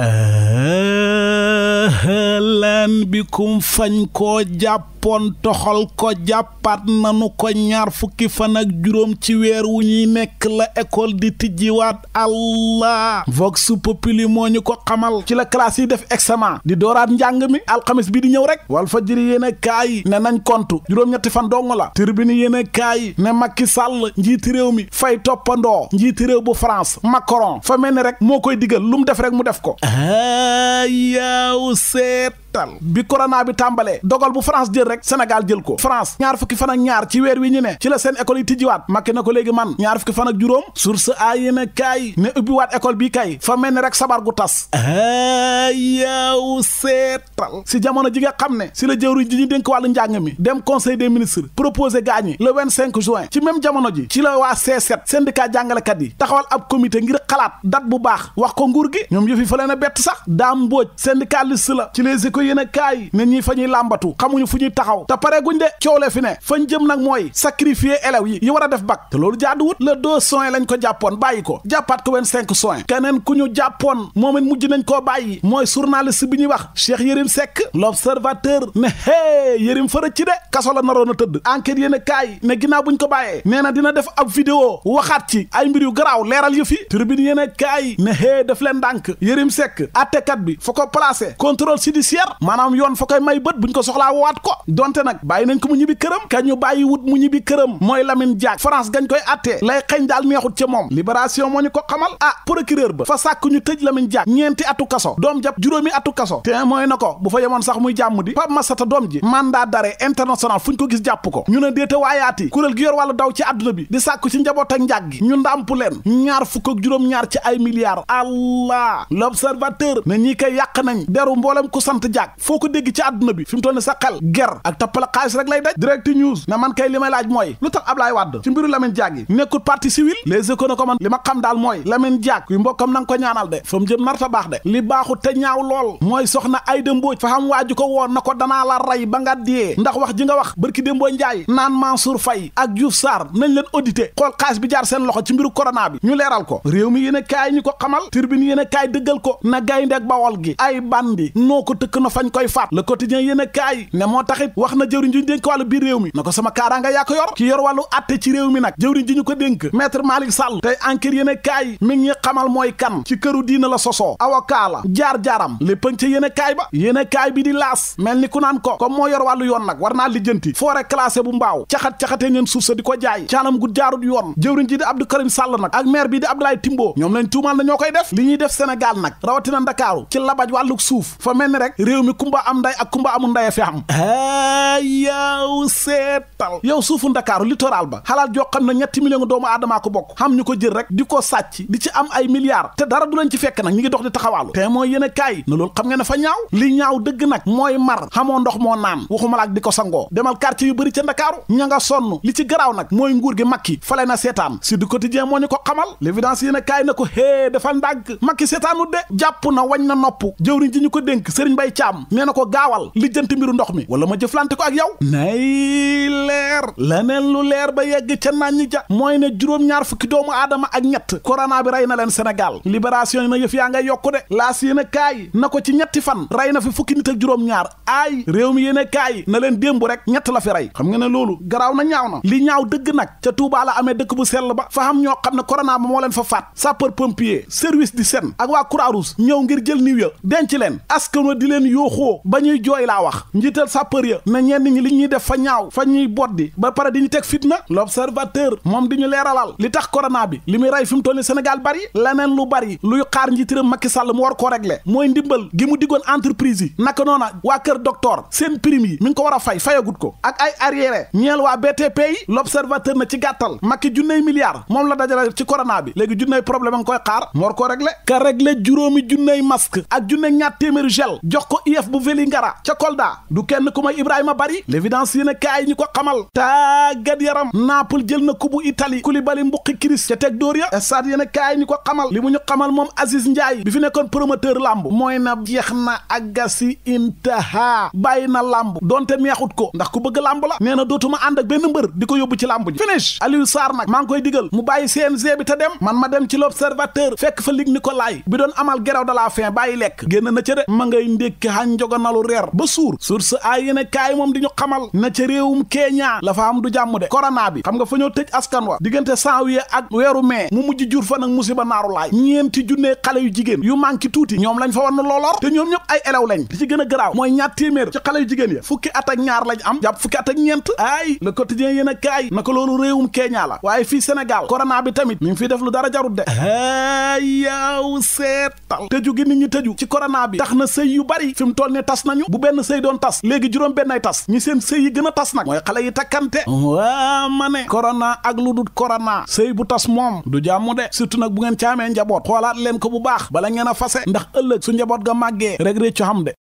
أهلا an bikum fañ ko jàpp pon toxal ko jàppaat nanu ko ñaar fukki fan ak juróom ci weer wu ñuy nekk la école di tijjiwaat allah vox populi moo ñu ko xamal ci la classe yi def examen di dooraat njàng mi alxamis bi di ñëw rek wal fajiri yéen a kaay ne nañ kont juróom-ñetti fan dong la tribune yéen a kaay ne makki Sall njiiti réew mi fay toppandoo njiiti réew bu France Macron fa mel ni rek moo koy digal lu mu def rek mu def ko yaaw seet bi corona bi tàmbalee dogal bu France jël rek Sénégal jël ko France ñaar fukki fan ak ñaar ci weer wi ñu ne ci la seen école yi tijjiwaat makki na ko léegi man ñaar fukki fan ak juróom source a yéen kaay ne ubbiwaat école bi kay fa mel ne rek sabar gu tas ayaw seetal si jamono ji nga xam ne si la jëwriñ ji ñu dénk wàllu njàng mi dem conseil de ministres proposé gaañi la 25 juin ci même jamono ji ci la waa C7 syndicat jàngalekat yi taxawal ab comité ngir xalaat date bu baax wax ko nguur gi ñoom yëfi fa leen a kaay nit ñi fa ñuy làmbatu xamuñu fu ñuy taxaw te pare guñ de coowle fi ne fañ jëm nag mooy sacrifier élèves yi yi war a def bac te loolu wut la deux soin lañ ko jàppoon bàyyi ko jàppaat ko vingt-cinq soin keneen ku ñu jàppoon moom it mujj nañ koo bàyyi mooy journaliste bi ñuy wax Cheikh Yérim Seck l'observateur ne hé Yérim fara ci de kaso la naroon na tëdd enquête yéen a kaay ne ginnaaw buñ ko bàyyee nee na dina def ab vidéo waxaat ci ay mbir yu garaaw leeral yëf yi tribune yéen a kaay ne hé daf leen ndànk Yérim Seck attekat bi fa ko placé contrôle judiciaire maanaam yoon fa koy may bët buñ ko soxlaa woowaat ko donte nag bàyyi nañ ko mu ñibbi këram ka ñu bàyyi wut mu ñibbi këram mooy Lamine Diack France gañ koy attee lay xëñ daal neexut ca moom libération moo ñu ko xamal ah procureur ba fa sàkk ñu tëj Lamine Diack ñeenti atu kaso doom jàpp juróomi atu kaso te mooy na ko bu fa yemoon sax muy jàmm di Pape Massata doom ji mandat d'arrêt international fu ñu ko gis jàpp ko ñu ne déete waayaati kuréel gi yor wàllu daw sant jàkk foo ko dégg ci àdduna bi fi mu toll ne sa xel ger ak tappala xaalis rek lay daj direct news na man kay li may laaj mooy lu tax Ablaye Wade ci mbiru Lamine Diack yi nekkul parti civil les ko man li ma xam daal mooy Lamine Diack yu mbokkam na nga ko ñaanal de fa mu jëm narta baax de li baaxu te ñaaw lool mooy soxna Aïda Mbodj fa xam waaju ko woon na ko danaa la rey ba nga dee ndax wax ji nga wax barki Dembo Ndiaye naan Mansour Faye ak Diouf Sarr nañ leen audité xool xaalis bi jaar seen loxo ci mbiru corona bi ñu leeral ko réew mi yéen a kaay ñi ko xamal turbine yéen a kaay dëggal ko na gaynde ak bawol gi ay bandi noo ko tëkk na fañ dañ koy faat le quotidien yéen a kaay ne moo taxit wax na jëwriñ ji ñu dénk wàllu biir réew mi na ko sama kaaraanga yaa ko yor ki yor wàllu atte ci réew mi nag jëwriñ ji ñu ko dénk maître Malick Sall tey enquête yéen mi ngi xamal mooy kan ci këru diina la sosoo avocat la jaar-jaaram léppañ ca yéen a kaay ba yéen a kaay bi di laas mel ni ku naan ko comme moo yor wàllu yoon nag war naa lijjanti forêt classée bu mbaaw caxat-caxatee ngeen suuf sa di ko jaay caanam gu jaarut yoon jëwriñ ji di Abdou Karim Sall nag ak maire bi di Abdoulaye Timbo ñoom lañ tuumal na ñoo koy def li ñuy def kumba am nday ak kumba amul nday a fi am a yow seetal yow suufu ndakaaru littoral ba xalaat joo xam ne ñetti million doomu aadamaa ko bokk xam ñu ko jël rek di ko sàcc di ci am ay milliards te dara du leen ci fekk nag ñi ngi dox di taxawaalu te mooy yéen a kaay na loolu xam nga ne fa ñaaw li ñaaw dëgg nag mooy mar xamoo ndox moo naan waxuma ak di ko sangoo demal quartier yu bëri ca ndakaaru ña nga sonn li ci garaaw nag mooy nguur gi Macky fale na seetaan si du quotidien moo ñu ko xamal l'évidence yéen kaay na ko hée dafa ndàgg Macky seetaanu de jàpp na wañ na nopp jëwriñ ji ñu ko dénk Serigne Bay Caam nee na ko gaawal lijjanti mbiru ndox mi wala ma jëflante ko ak yow nay leer laneen lu leer ba yegg ca naan ñi ja mooy ne juróom-ñaar fukki doomu aadama ak ñett korona bi rey na leen Sénégal libération yi na yëf yaa ngay yokku de laas yéen a kaay na ko ci ñetti fan rey na fi fukki nit ak juróom-ñaar aay réew mi yéen a kaay na leen démb rek ñett la fi rey xam nga ne loolu garaaw na ñaaw na li ñaaw dëgg nag ca Touba la amee dëkk bu sell ba fa xam ñoo xam ne korona ba moo leen fa faat sapeur pompier service di sen ak waa Croix-Rouge ñëw ngir jël niw ya denc leen askan wa di leen yooxu yuuxoo ba ñuy jooy laa wax njiital sapeur na ñenn ñi li ñuy def fa ñaaw fa ñuy di ba pare di ñu teg fitna l'observateur moom di ñu leeralal li tax corona bi li muy rey fi mu toll ni Sénégal bari leneen lu bari luy xaar njiitaram Macky Sall mu war koo régler mooy ndimbal gi mu diggoon entreprise yi naka noona waa kër docteur seen prime yi mi ngi ko war a fay fayagut ko ak ay arriéré ñeel waa BTP yi l'observateur na ci gàttal Macky junney milliards moom la dajale ci corona bi léegi junney problème nga koy xaar mu war koo régler ka régler juróomi junney masque ak junney ñaar téeméeri gel jox bu bu ngara ca Kolda du kenn ku may Ibrahima Bari l'évidence yéen a kaay ñi ko xamal tàggat yaram Naples jël na ku kubu Italie Koulibaly mbuqi Chris ca teg dóor ya stade yéen a kaay ñi ko xamal li mu ñu xamal moom Aziz Ndiaye bi fi nekkoon promoteur lamb mooy na jeex na agasi intaha bàyyi na lamb donte neexut ko ndax ku bëgg lamb la nee na dootuma ànd ak benn mbër di ko yóbbu ci lamb ji finish Aliou Sarr nag maa ngi koy digal mu bàyyi CNG bi te dem man ma dem ci l'observateur fekk fa Luc Nicolaï bi doon amal grève de la faim bàyyi lekk génn na ca ma ngay ndékki njoganalu reer ba suur source aay yéen kaay moom di ñu xamal na ca réewum Kenya la fa am du jàmm de corona bi xam nga fa ñoo tëj askan wa diggante janvier ak weeru mai mu mujj jur fa nag musiba naaru laay ñeenti junne xale yu jigéen yu manqué tuuti ñoom lañ fa war na loolor te ñoom ñëpp ay élèw lañ di ci gën a garaaw mooy ñaar téeméer ci xale yu jigéen ya fukki at ak ñaar lañ am jàpp fukki at ñeent ay le quotidien yéen kaay la waaye fii Sénégal corona bi tamit mi tëju gi nit ñi tëju ci corona bi tax na sëy yu bari fi toll ne tas nañu bu benn sëy doon tas léegi juróom benn tas ñi seen sëy yi gën a tas nag mooy xale yi takkante waa ma ne korona ak lu dul korona sëy bu tas moom du jàmm de surtout nag bu ngeen caamee njaboot xoolaat leen ko bu baax bala ngeen a fase ndax ëllëg su njaboot ga màggee rek réccu xam de